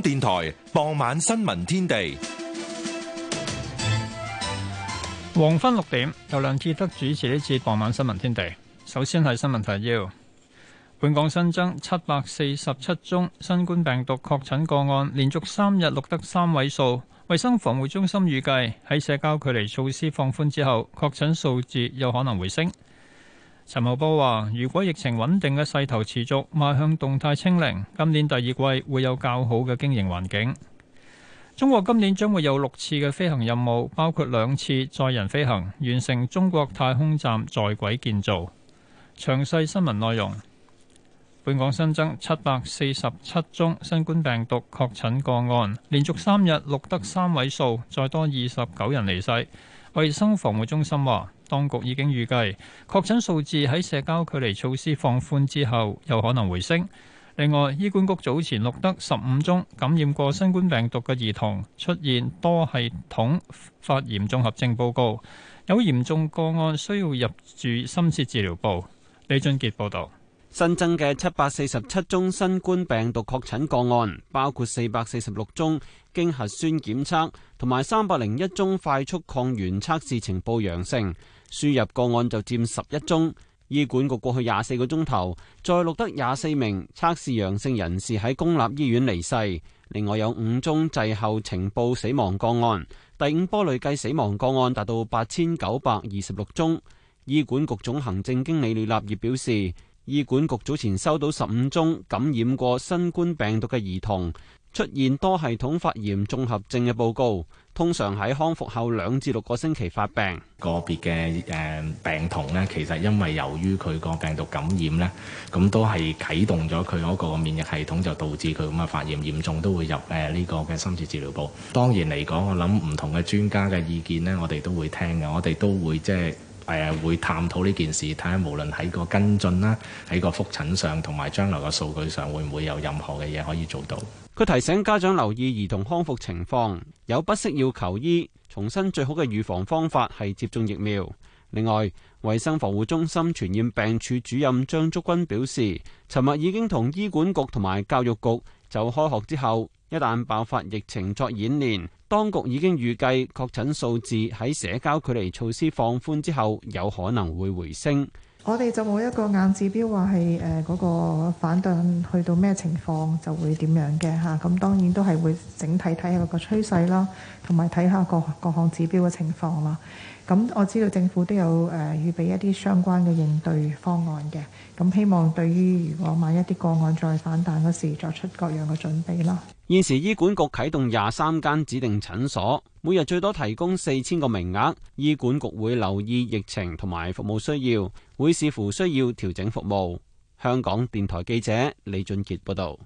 電台傍晚新聞天地，黃昏六點由梁志德主持呢次傍晚新聞天地。首先係新聞提要，本港新增七百四十七宗新冠病毒確診個案，連續三日錄得三位數。衛生防護中心預計喺社交距離措施放寬之後，確診數字有可能回升。陳茂波話，如果疫情穩定嘅勢頭持續，邁向動態清零，今年第二季會有較好嘅經營環境。中國今年將會有六次嘅飛行任務，包括兩次載人飛行，完成中國太空站在軌建造。詳細新聞內容，本港新增七百四十七宗新冠病毒確診個案，連續三日錄得三位數，再多二十九人離世。衛生防護中心話，當局已經預計確診數字喺社交距離措施放寬之後有可能回升。另外，醫管局早前錄得十五宗感染過新冠病毒嘅兒童出現多系統發炎綜合症報告，有嚴重個案需要入住深切治療部。李俊傑報導。新增嘅七百四十七宗新冠病毒確診個案，包括四百四十六宗經核酸檢測同埋三百零一宗快速抗原測試呈報陽性。輸入個案就佔十一宗。醫管局過去廿四個鐘頭再錄得廿四名測試陽性人士喺公立醫院離世，另外有五宗滯後呈報死亡個案。第五波累計死亡個案達到八千九百二十六宗。醫管局總行政經理李立業表示。醫管局早前收到十五宗感染過新冠病毒嘅兒童出現多系統發炎綜合症嘅報告，通常喺康復後兩至六個星期發病。個別嘅誒病童呢，其實因為由於佢個病毒感染呢，咁都係啟動咗佢嗰個免疫系統，就導致佢咁啊發炎嚴重，都會入誒呢個嘅深切治療部。當然嚟講，我諗唔同嘅專家嘅意見呢，我哋都會聽嘅，我哋都會即係。係會探討呢件事，睇下無論喺個跟進啦，喺個覆診上，同埋將來嘅數據上，會唔會有任何嘅嘢可以做到？佢提醒家長留意兒童康復情況，有不適要求醫。重申最好嘅預防方法係接種疫苗。另外，衞生防護中心傳染病處主任張竹君表示，尋日已經同醫管局同埋教育局就開學之後。一旦爆發疫情作演練，當局已經預計確診數字喺社交距離措施放寬之後有可能會回升。我哋就冇一個硬指標話係誒嗰個反彈去到咩情況就會點樣嘅嚇。咁當然都係會整體睇下個趨勢啦，同埋睇下各各項指標嘅情況啦。咁我知道政府都有誒預備一啲相關嘅應對方案嘅，咁希望對於如果萬一啲個案再反彈嗰時作出各樣嘅準備啦。現時醫管局啟動廿三間指定診所，每日最多提供四千個名額，醫管局會留意疫情同埋服務需要，會視乎需要調整服務，香港電台記者李俊杰報道。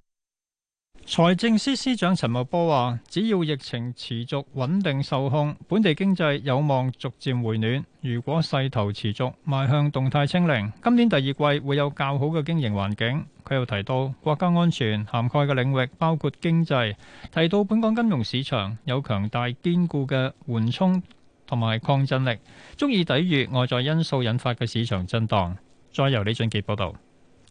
財政司司長陳茂波話，只要疫情持續穩定受控，本地經濟有望逐漸回暖。如果勢頭持續，邁向動態清零，今年第二季會有較好嘅經營環境。佢又提到，國家安全涵蓋嘅領域包括經濟。提到本港金融市場有強大堅固嘅緩衝同埋抗震力，足以抵禦外在因素引發嘅市場震盪。再由李俊傑報道。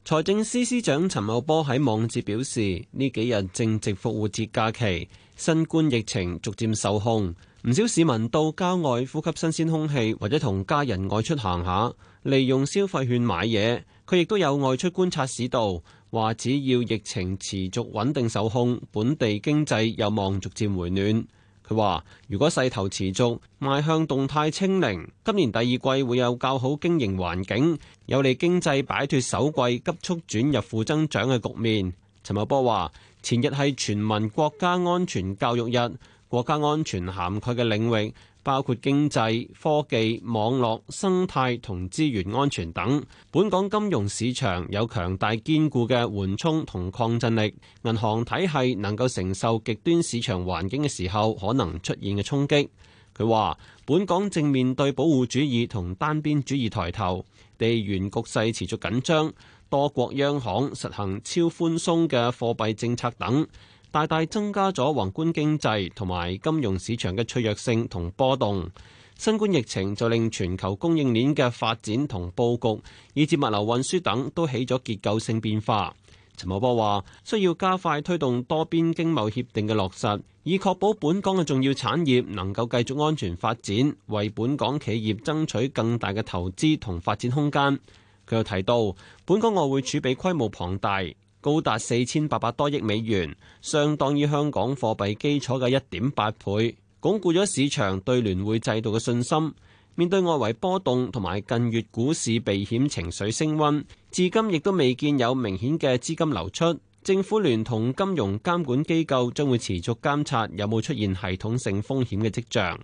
財政司司長陳茂波喺網誌表示，呢幾日正值復活節假期，新冠疫情逐漸受控，唔少市民到郊外呼吸新鮮空氣，或者同家人外出行下，利用消費券買嘢。佢亦都有外出觀察市道，話只要疫情持續穩定受控，本地經濟有望逐漸回暖。佢話：如果勢頭持續，邁向動態清零，今年第二季會有較好經營環境，有利經濟擺脱首季急速轉入負增長嘅局面。陳茂波話：前日係全民國家安全教育日，國家安全涵蓋嘅領域，包括經濟、科技、網絡、生態同資源安全等。本港金融市場有強大堅固嘅緩衝同抗震力，銀行體系能夠承受極端市場環境嘅時候可能出現嘅衝擊。佢話：本港正面對保護主義同單邊主義抬頭，地緣局勢持續緊張，多國央行實行超寬鬆嘅貨幣政策等。大大增加咗宏觀經濟同埋金融市場嘅脆弱性同波動，新冠疫情就令全球供應鏈嘅發展同布局，以至物流運輸等都起咗結構性變化。陳茂波話需要加快推動多邊經貿協定嘅落實，以確保本港嘅重要產業能夠繼續安全發展，為本港企業爭取更大嘅投資同發展空間，佢又提到，本港外匯儲備規模龐大。高達四千八百多億美元，相當於香港貨幣基礎嘅一點八倍，鞏固咗市場對聯匯制度嘅信心。面對外圍波動同埋近月股市避險情緒升溫，至今亦都未見有明顯嘅資金流出。政府聯同金融監管機構將會持續監察有冇出現系統性風險嘅跡象。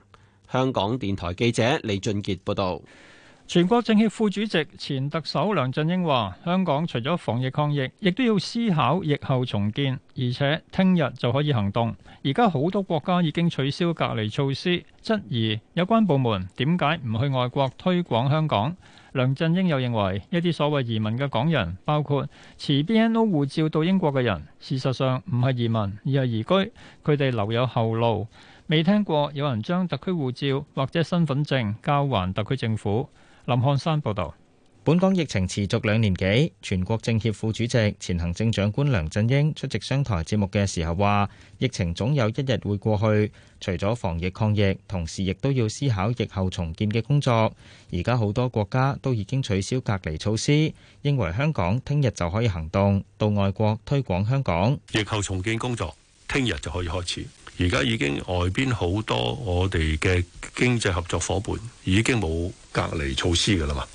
香港電台記者李俊傑報道。全國政協副主席、前特首梁振英話：香港除咗防疫抗疫，亦都要思考疫後重建，而且聽日就可以行動。而家好多國家已經取消隔離措施，質疑有關部門點解唔去外國推廣香港。梁振英又認為一啲所謂移民嘅港人，包括持 BNO 護照到英國嘅人，事實上唔係移民而係移居，佢哋留有後路。未聽過有人將特區護照或者身份證交還特區政府。林漢山報道，本港疫情持續兩年幾，全國政協副主席、前行政長官梁振英出席商台節目嘅時候話，疫情總有一日會過去，除咗防疫抗疫，同時亦都要思考疫後重建嘅工作。而家好多國家都已經取消隔離措施，認為香港聽日就可以行動，到外國推廣香港。疫後重建工作，聽日就可以開始。而家已經外邊好多我哋嘅經濟合作伙伴已經冇隔離措施㗎喇嘛？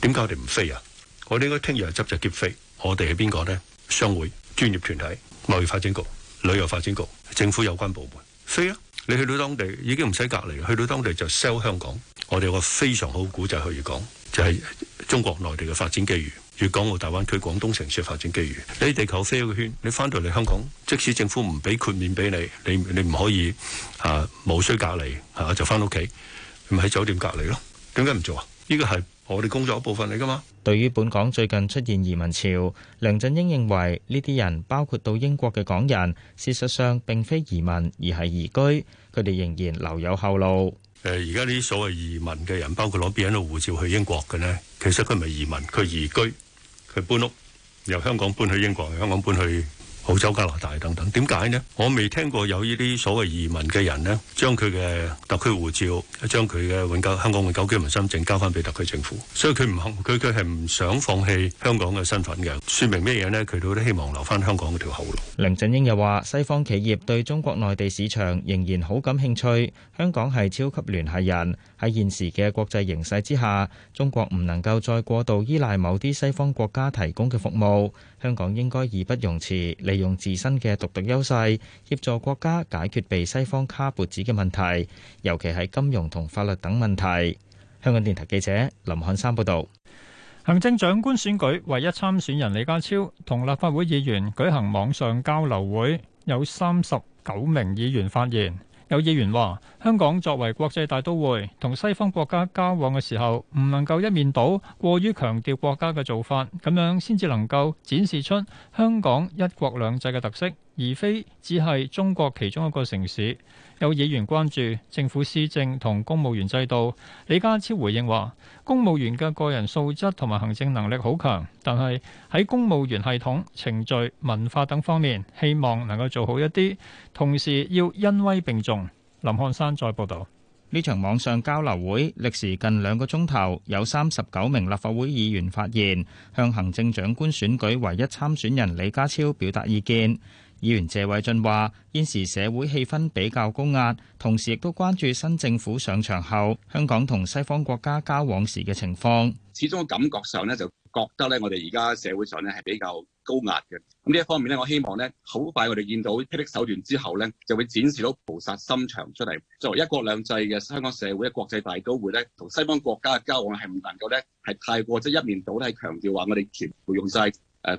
點解我哋唔飛啊？我哋應該聽日執隻喼飛。我哋係邊個呢？商會、專業團體、貿易發展局、旅遊發展局、政府有關部門飛啊！你去到當地已經唔使隔離，去到當地就 sell 香港。我哋有個非常好故仔就可以講，就係、是、中國內地嘅發展機遇。粵港澳大灣區廣東城市發展機遇，你地球飛個圈，你翻到嚟香港，即使政府唔俾豁免俾你，你你唔可以啊，無需隔離，係就翻屋企，咪喺酒店隔離咯？點解唔做啊？呢個係我哋工作一部分嚟噶嘛？對於本港最近出現移民潮，梁振英認為呢啲人包括到英國嘅港人，事實上並非移民而係移居，佢哋仍然留有後路。誒而家啲所謂移民嘅人，包括攞 BNO 護照去英國嘅呢，其實佢唔係移民，佢移居，佢搬屋，由香港搬去英國，由香港搬去澳洲、加拿大等等，點解呢？我未聽過有呢啲所謂移民嘅人呢，將佢嘅特區護照，將佢嘅永久香港永久居民身份證交翻俾特區政府，所以佢唔肯，佢佢係唔想放棄香港嘅身份嘅，説明咩嘢呢？佢都希望留翻香港嗰條後路。梁振英又話：西方企業對中國內地市場仍然好感興趣，香港係超級聯繫人。喺現時嘅國際形勢之下，中國唔能夠再過度依賴某啲西方國家提供嘅服務。香港應該義不容辭，利用自身嘅獨特優勢，協助國家解決被西方卡脖子嘅問題，尤其係金融同法律等問題。香港電台記者林漢山報導。行政長官選舉唯一參選人李家超同立法會議員舉行網上交流會，有三十九名議員發言。有議員話：香港作為國際大都會，同西方國家交往嘅時候，唔能夠一面倒，過於強調國家嘅做法，咁樣先至能夠展示出香港一國兩制嘅特色。而非只係中國其中一個城市。有議員關注政府施政同公務員制度。李家超回應話，公務員嘅個人素質同埋行政能力好強，但係喺公務員系統程序文化等方面，希望能夠做好一啲，同時要恩威並重。林漢山再報道，呢場網上交流會歷時近兩個鐘頭，有三十九名立法會議員發言，向行政長官選舉唯一參選人李家超表達意見。議員謝偉俊話：現時社會氣氛比較高壓，同時亦都關注新政府上場後，香港同西方國家交往時嘅情況，始終感覺上咧，就覺得咧，我哋而家社會上咧係比較高壓嘅。咁呢一方面咧，我希望咧，好快我哋見到霹靂手段之後咧，就會展示到菩薩心腸出嚟。作為一國兩制嘅香港社會嘅國際大都會咧，同西方國家嘅交往係唔能夠咧係太過即係、就是、一面倒，係強調話我哋全部用晒誒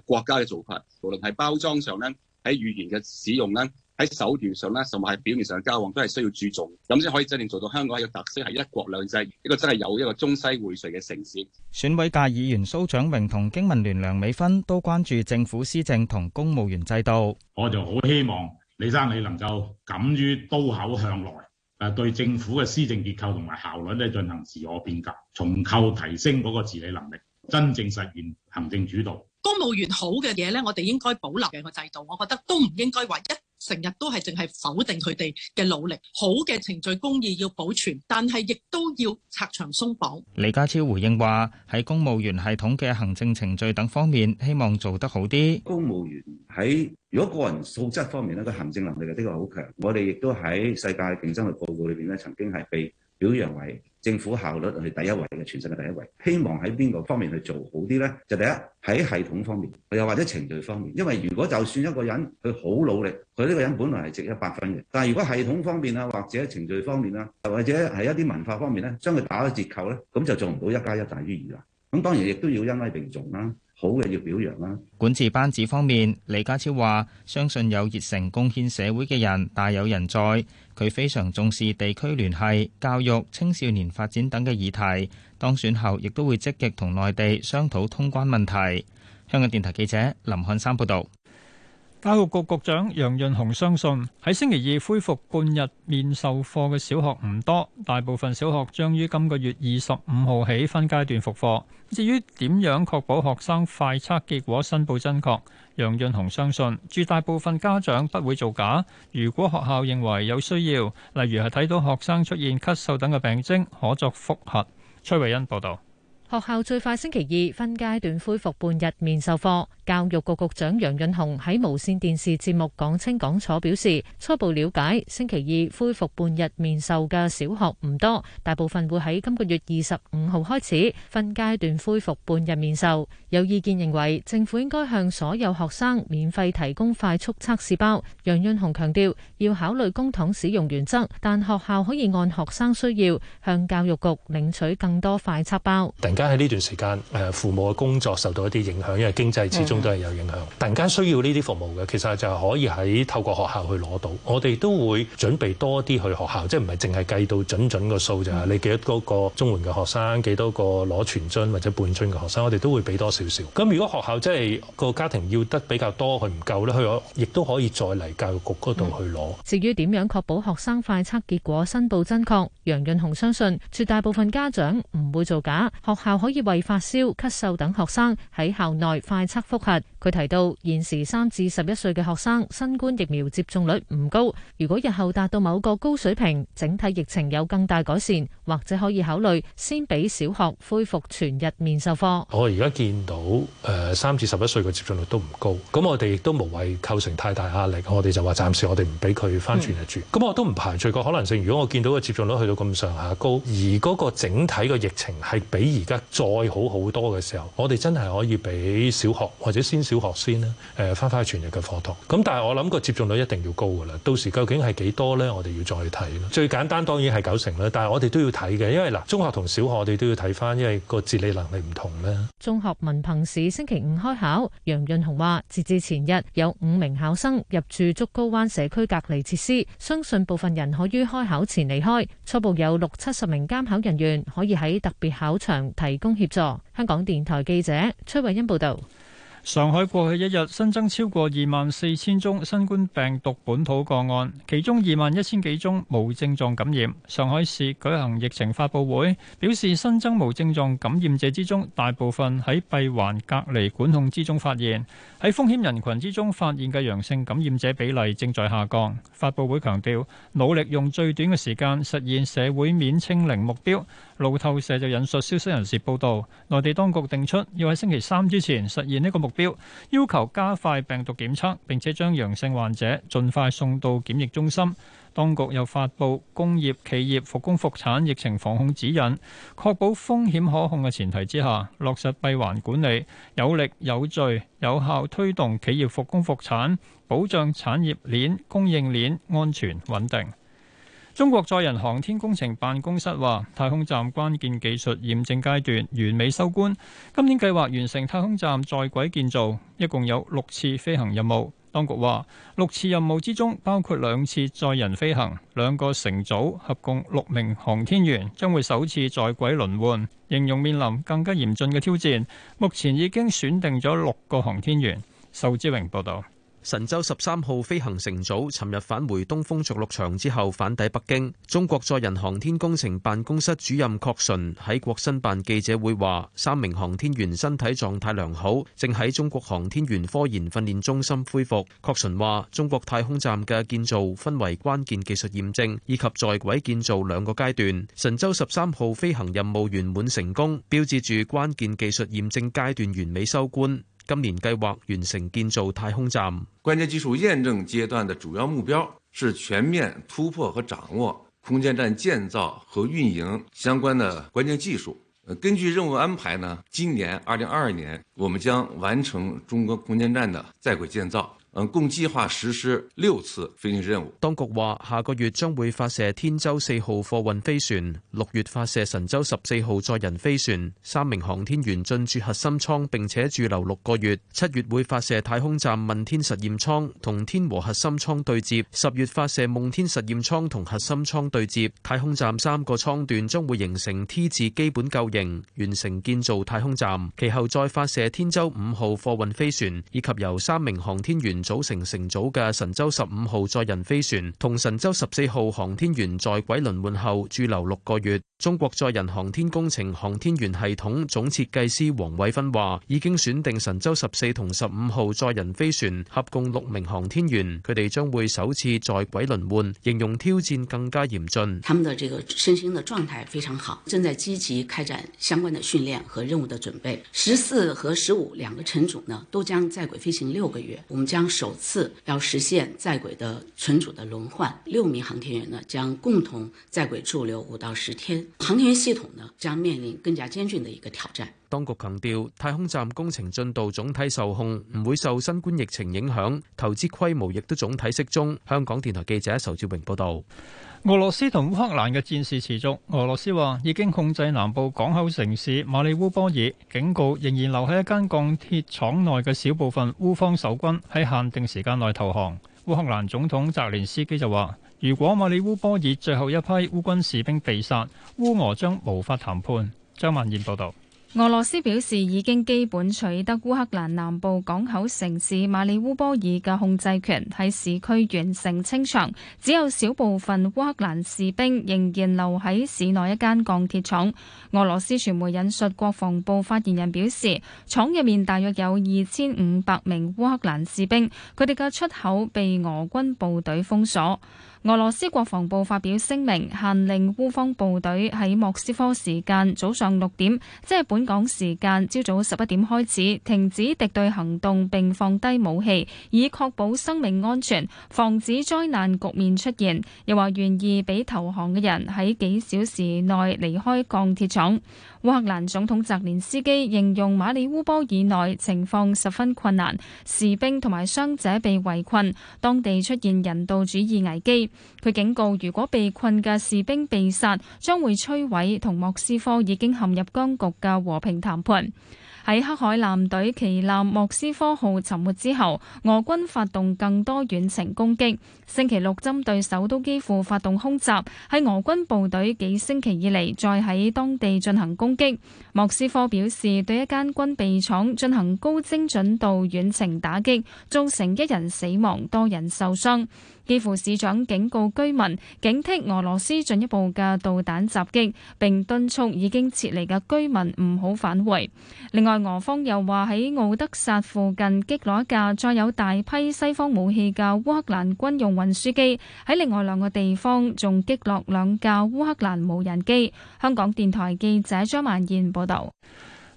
國家嘅做法，無論係包裝上咧。喺語言嘅使用咧，喺手段上咧，甚至係表面上嘅交往，都係需要注重，咁先可以真正做到香港一個特色，係一國兩制，呢個真係有一個中西薈萃嘅城市。選委界議員蘇長榮同經民聯梁美芬都關注政府施政同公務員制度。我就好希望李生你能夠敢於刀口向內，誒對政府嘅施政結構同埋效率咧進行自我變革，重構提升嗰個治理能力，真正實現行政主導。公務員好嘅嘢咧，我哋應該保留嘅個制度，我覺得都唔應該話一成日都係淨係否定佢哋嘅努力。好嘅程序公義要保存，但係亦都要拆牆鬆綁。李家超回應話：喺公務員系統嘅行政程序等方面，希望做得好啲。公務員喺如果個人素質方面咧，呢個行政能力的確好強。我哋亦都喺世界競爭力報告裏邊咧，曾經係被表揚為。政府效率係第一位嘅，全城嘅第一位。希望喺邊個方面去做好啲呢？就第一，喺系統方面，又或者程序方面。因為如果就算一個人佢好努力，佢呢個人本來係值一百分嘅，但係如果系統方面啊，或者程序方面啦，或者係一啲文化方面呢，將佢打咗折扣呢，咁就做唔到一加一大於二啦。咁當然亦都要因人而異啦。好嘅要表揚啦。管治班子方面，李家超話相信有熱誠貢獻社會嘅人大有人在。佢非常重視地區聯繫、教育、青少年發展等嘅議題。當選後亦都會積極同內地商討通關問題。香港電台記者林漢山報道。教育局局長楊潤雄相信喺星期二恢復半日面授課嘅小學唔多，大部分小學將於今個月二十五號起分階段復課。至於點樣確保學生快測結果申報真確，楊潤雄相信絕大部分家長不會做假。如果學校認為有需要，例如係睇到學生出現咳嗽等嘅病徵，可作復核。崔慧欣報道。學校最快星期二分階段恢復半日面授課。教育局局長楊潤雄喺無綫電視節目講清講楚，表示初步了解，星期二恢復半日面授嘅小學唔多，大部分會喺今個月二十五號開始分階段恢復半日面授。有意見認為政府應該向所有學生免費提供快速測試包。楊潤雄強調要考慮公帑使用原則，但學校可以按學生需要向教育局領取更多快測包。喺呢段時間誒父母嘅工作受到一啲影響，因為經濟始終都係有影響，的突然間需要呢啲服務嘅，其實就可以喺透過學校去攞到。我哋都會準備多啲去學校，即係唔係淨係計到準準個數就係的你幾多個綜援嘅學生，幾多個攞全津或者半津嘅學生，我哋都會俾多少少。咁如果學校即係個家庭要得比較多，佢唔夠咧，佢亦都可以再嚟教育局嗰度去攞。的至於點樣確保學生快測結果申報真確？楊潤雄相信絕大部分家長唔會做假，學校又可以為發燒、咳嗽等學生喺校內快測覆核。佢提到現時三至十一歲嘅學生新冠疫苗接種率唔高，如果日後達到某個高水平，整體疫情有更大改善，或者可以考慮先俾小學恢復全日面授課。我而家見到誒三至十一歲嘅接種率都唔高，咁我哋亦都無謂構成太大壓力。我哋就話暫時我哋唔俾佢返全日住。咁、嗯、我都唔排除個可能性，如果我見到個接種率去到咁上下高，而嗰個整體嘅疫情係比而家再好好多嘅時候，我哋真係可以畀小學或者先小學先呢，誒翻返全日嘅課堂。咁但係我諗個接種率一定要高㗎啦。到時究竟係幾多呢？我哋要再睇。最簡單當然係九成啦，但係我哋都要睇嘅，因為嗱，中學同小學我哋都要睇翻，因為個自理能力唔同咧。中學文憑試星期五開考，楊潤雄話：截至前日，有五名考生入住竹篙灣社區隔離設施，相信部分人可於開考前離開。初步有六七十名監考人員可以喺特別考場。提供協助。香港電台記者崔慧欣報導。上海過去一日新增超過二萬四千宗新冠病毒本土個案，其中二萬一千幾宗無症狀感染。上海市舉行疫情發佈會，表示新增無症狀感染者之中，大部分喺閉環隔離管控之中發現。喺風險人群之中發現嘅陽性感染者比例正在下降。發佈會強調，努力用最短嘅時間實現社會面清零目標。路透社就引述消息人士報道，內地當局定出要喺星期三之前實現呢個目標，要求加快病毒檢測，並且將陽性患者盡快送到檢疫中心。當局又發布工業企業復工復產疫情防控指引，確保風險可控嘅前提之下，落實閉環管理，有力有序有效推動企業復工復產，保障產業鏈供應鏈安全穩定。中國載人航天工程辦公室話，太空站關鍵技術驗證階段完美收官。今年計劃完成太空站在軌建造，一共有六次飛行任務。當局話，六次任務之中包括兩次載人飛行，兩個乘組合共六名航天員將會首次在軌輪換，形容面臨更加嚴峻嘅挑戰。目前已經選定咗六個航天員。仇志榮報道。神舟十三號飛行乘組尋日返回東風着陸場之後返抵北京。中國載人航天工程辦公室主任郭純喺國新辦記者會話：三名航天員身體狀態良好，正喺中國航天員科研訓練中心恢復。郭純話：中國太空站嘅建造分為關鍵技術驗證以及在軌建造兩個階段。神舟十三號飛行任務圓滿成功，標誌住關鍵技術驗證階段完美收官。今年計劃完成建造太空站。關鍵技術驗證階段的主要目標是全面突破和掌握空間站建造和運營相關的關鍵技術。根據任務安排呢，今年二零二二年我們將完成中國空間站的在軌建造。嗯，共計劃實施六次飛行任務。當局話，下個月將會發射天舟四號貨運飛船，六月發射神舟十四號載人飛船，三名航天員進駐核心艙並且駐留六個月。七月會發射太空站問天實驗艙同天和核心艙對接，十月發射夢天實驗艙同核心艙對接，太空站三個艙段將會形成 T 字基本構型，完成建造太空站。其後再發射天舟五號貨運飛船，以及由三名航天員，組成乘組嘅神舟十五號載人飛船同神舟十四號航天員在軌輪換後駐留六個月。中國載人航天工程航天員系統總設計師黃偉芬話：已經選定神舟十四同十五號載人飛船合共六名航天員，佢哋將會首次在軌輪換，形容挑戰更加嚴峻。他們的這個身心的狀態非常好，正在積極開展相關的訓練和任務的準備。十四和十五兩個乘組呢，都將在軌飛行六個月，我們將。首次要實現在軌的乘組的輪換，六名航天員呢將共同在軌駐留五到十天，航天員系統呢將面臨更加嚴峻的一個挑戰。當局強調，太空站工程進度總體受控，唔會受新冠疫情影響，投資規模亦都總體適中。香港電台記者仇志榮報道。俄羅斯同烏克蘭嘅戰事持續。俄羅斯話已經控制南部港口城市馬里烏波爾，警告仍然留喺一間鋼鐵廠內嘅小部分烏方守軍喺限定時間內投降。烏克蘭總統澤連斯基就話，如果馬里烏波爾最後一批烏軍士兵被殺，烏俄將無法談判。張曼燕報道。俄羅斯表示已經基本取得烏克蘭南部港口城市馬里烏波爾嘅控制權，喺市區完成清場，只有少部分烏克蘭士兵仍然留喺市內一間鋼鐵廠。俄羅斯傳媒引述國防部發言人表示，廠入面大約有二千五百名烏克蘭士兵，佢哋嘅出口被俄軍部隊封鎖。俄羅斯國防部發表聲明，限令烏方部隊喺莫斯科時間早上六點，即係本港時間朝早十一點開始，停止敵對行動並放低武器，以確保生命安全，防止災難局面出現。又話願意俾投降嘅人喺幾小時內離開鋼鐵廠。烏克蘭總統澤連斯基形容馬里烏波爾內情況十分困難，士兵同埋傷者被圍困，當地出現人道主義危機。佢警告，如果被困嘅士兵被殺，將會摧毀同莫斯科已經陷入僵局嘅和平談判。喺黑海艦隊旗艦莫斯科號沉沒之後，俄軍發動更多遠程攻擊。星期六針對首都幾乎發動空襲，喺俄軍部隊幾星期以嚟再喺當地進行攻擊。莫斯科表示，對一間軍備廠進行高精準度遠程打擊，造成一人死亡，多人受傷。基輔市長警告居民警惕俄羅斯進一步嘅導彈襲擊，並敦促已經撤離嘅居民唔好返回。另外，俄方又話喺奧德薩附近擊落一架載有大批西方武器嘅烏克蘭軍用運輸機，喺另外兩個地方仲擊落兩架烏克蘭無人機。香港電台記者張曼燕報道。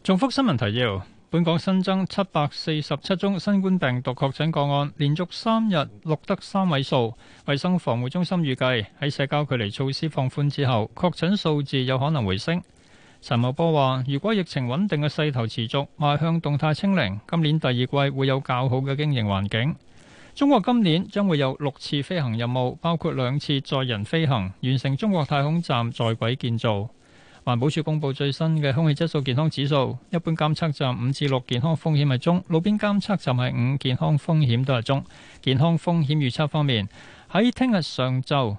重複新聞提要。本港新增七百四十七宗新冠病毒確診個案，連續三日錄得三位數。衛生防護中心預計，喺社交距離措施放寬之後，確診數字有可能回升。陳茂波話：如果疫情穩定嘅勢頭持續，邁向動態清零，今年第二季會有較好嘅經營環境。中國今年將會有六次飛行任務，包括兩次載人飛行，完成中國太空站在軌建造。環保署公布最新嘅空氣質素健康指數，一般監測站五至六，健康風險係中；路邊監測站係五，健康風險都係中。健康風險預測方面，喺聽日上晝，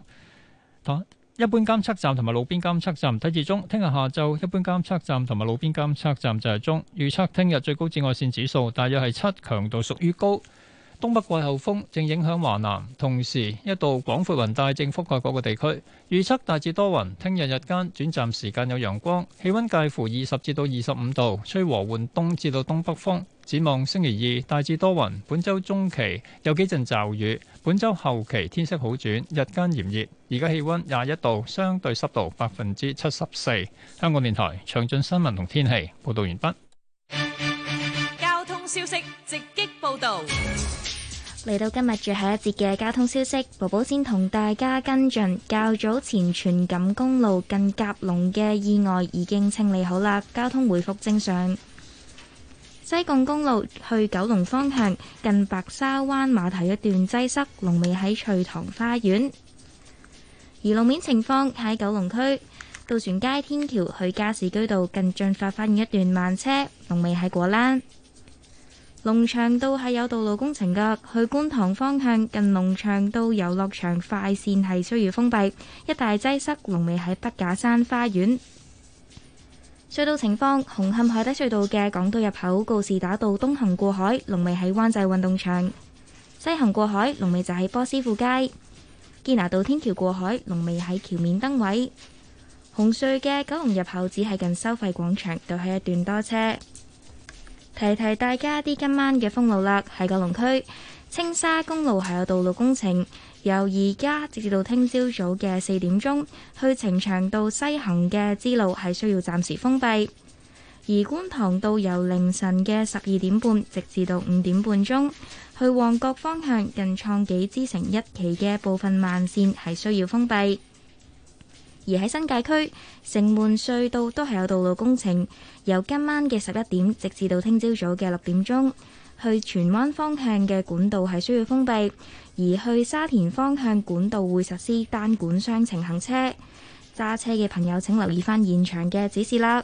一般監測站同埋路邊監測站睇住中；聽日下晝，一般監測站同埋路邊監測站就係中。預測聽日最高紫外線指數大約係七，強度屬於高。東北季候風正影響華南，同時一道廣闊雲帶正覆蓋各個地區。預測大致多雲，聽日日間短暫時間有陽光，氣溫介乎二十至到二十五度，吹和緩東至到東北風。展望星期二大致多雲，本周中期有幾陣驟雨，本周後期天色好轉，日間炎熱。而家氣溫廿一度，相對濕度百分之七十四。香港電台詳盡新聞同天氣報道完畢。交通消息直擊報道。嚟到今日最後一節嘅交通消息，寶寶先同大家跟進。較早前荃錦公路近甲龍嘅意外已經清理好啦，交通回復正常。西貢公路去九龍方向近白沙灣碼頭一段擠塞，龍尾喺翠塘花園。而路面情況喺九龍區渡船街天橋去加士居道近進發發現一段慢車，龍尾喺果欄。龍翔道係有道路工程嘅，去觀塘方向近龍翔道遊樂場，樂場快線係需要封閉，一大擠塞。龍尾喺畢架山花園。隧道情況：紅磡海底隧道嘅港島入口告士打道東行過海，龍尾喺灣仔運動場；西行過海，龍尾就喺波斯富街。堅拿道天橋過海，龍尾喺橋面燈位。紅隧嘅九龍入口只係近收費廣場，就係一段多車。提提大家啲今晚嘅封路啦。喺九龍區青沙公路，係有道路工程，由而家直至到聽朝早嘅四點鐘，去呈祥道西行嘅支路係需要暫時封閉。而觀塘道由凌晨嘅十二點半直至到五點半鐘，去旺角方向近創紀之城一期嘅部分慢綫係需要封閉。而喺新界區城門隧道都係有道路工程，由今晚嘅十一點直至到聽朝早嘅六點鐘，去荃灣方向嘅管道係需要封閉，而去沙田方向管道會實施單管雙程行車。揸車嘅朋友請留意翻現場嘅指示啦。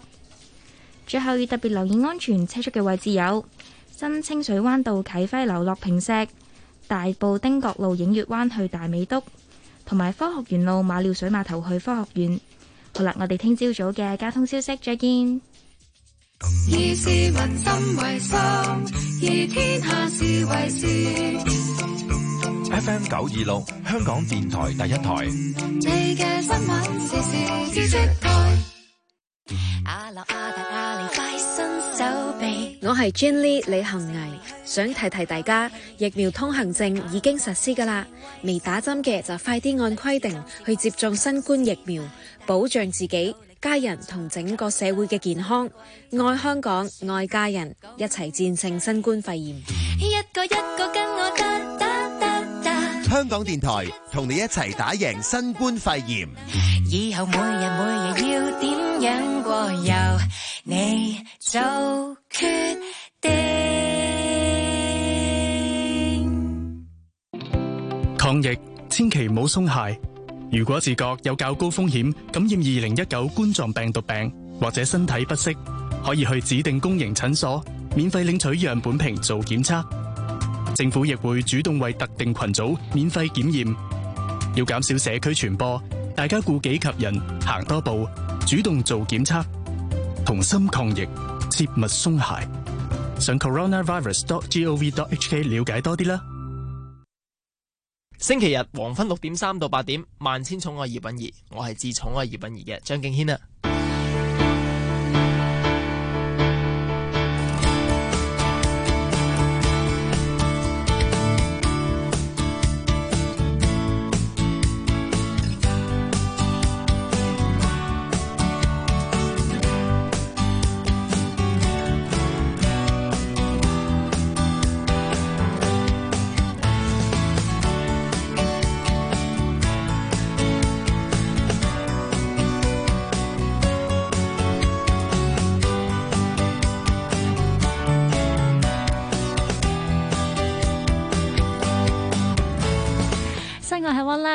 最後要特別留意安全車速嘅位置有新清水灣道啟輝樓落坪石、大埔汀角路映月灣去大美督，同埋科學園路馬料水碼頭去科學園，好啦，我哋聽朝早嘅交通消息，再見。以市民心為心，以天下事為事。F M 九二六，香港電台第一台。我係 Gin Lee 李恒毅，想提提大家，疫苗通行證已經實施噶啦，未打針嘅就快啲按規定去接種新冠疫苗，保障自己、家人同整個社會嘅健康。愛香港，愛家人，一齊戰勝新冠肺炎。一個一個跟我香港電台同你一齊打贏新冠肺炎。以後每日每日要點樣過，由你做決定。抗疫千祈唔好鬆懈。如果自覺有較高風險感染二零一九冠狀病毒病，或者身體不適，可以去指定公營診所免費領取樣本瓶做檢測。政府亦會主動為特定群組免費檢驗，要減少社區傳播，大家顧己及，及人，行多步，主動做檢測，同心抗疫，切勿鬆懈。上 coronavirus.gov.hk 了解多啲啦。星期日黃昏六點三到八點，萬千寵愛葉品儀，我係至寵愛葉品儀嘅張敬軒啊。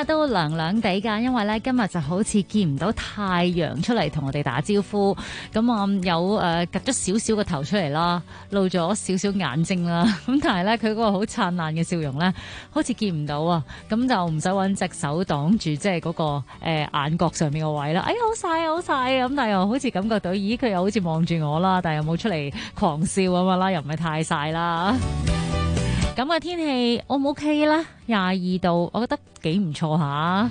都涼涼地噶，因為咧今日就好似見唔到太陽出嚟同我哋打招呼，咁我、嗯、有誒夾咗少少個頭出嚟啦，露咗少少眼睛啦，咁但係咧佢嗰個好燦爛嘅笑容咧，好似見唔到啊，咁就唔使搵隻手擋住，即係嗰、那個誒、呃、眼角上面個位啦。哎呀，好曬好曬，咁但係又好似感覺到，咦佢又好似望住我啦，但係又冇出嚟狂笑啊嘛啦，又唔係太曬啦。咁嘅天氣，O 唔 O K 啦？廿二度，我覺得幾唔錯吓。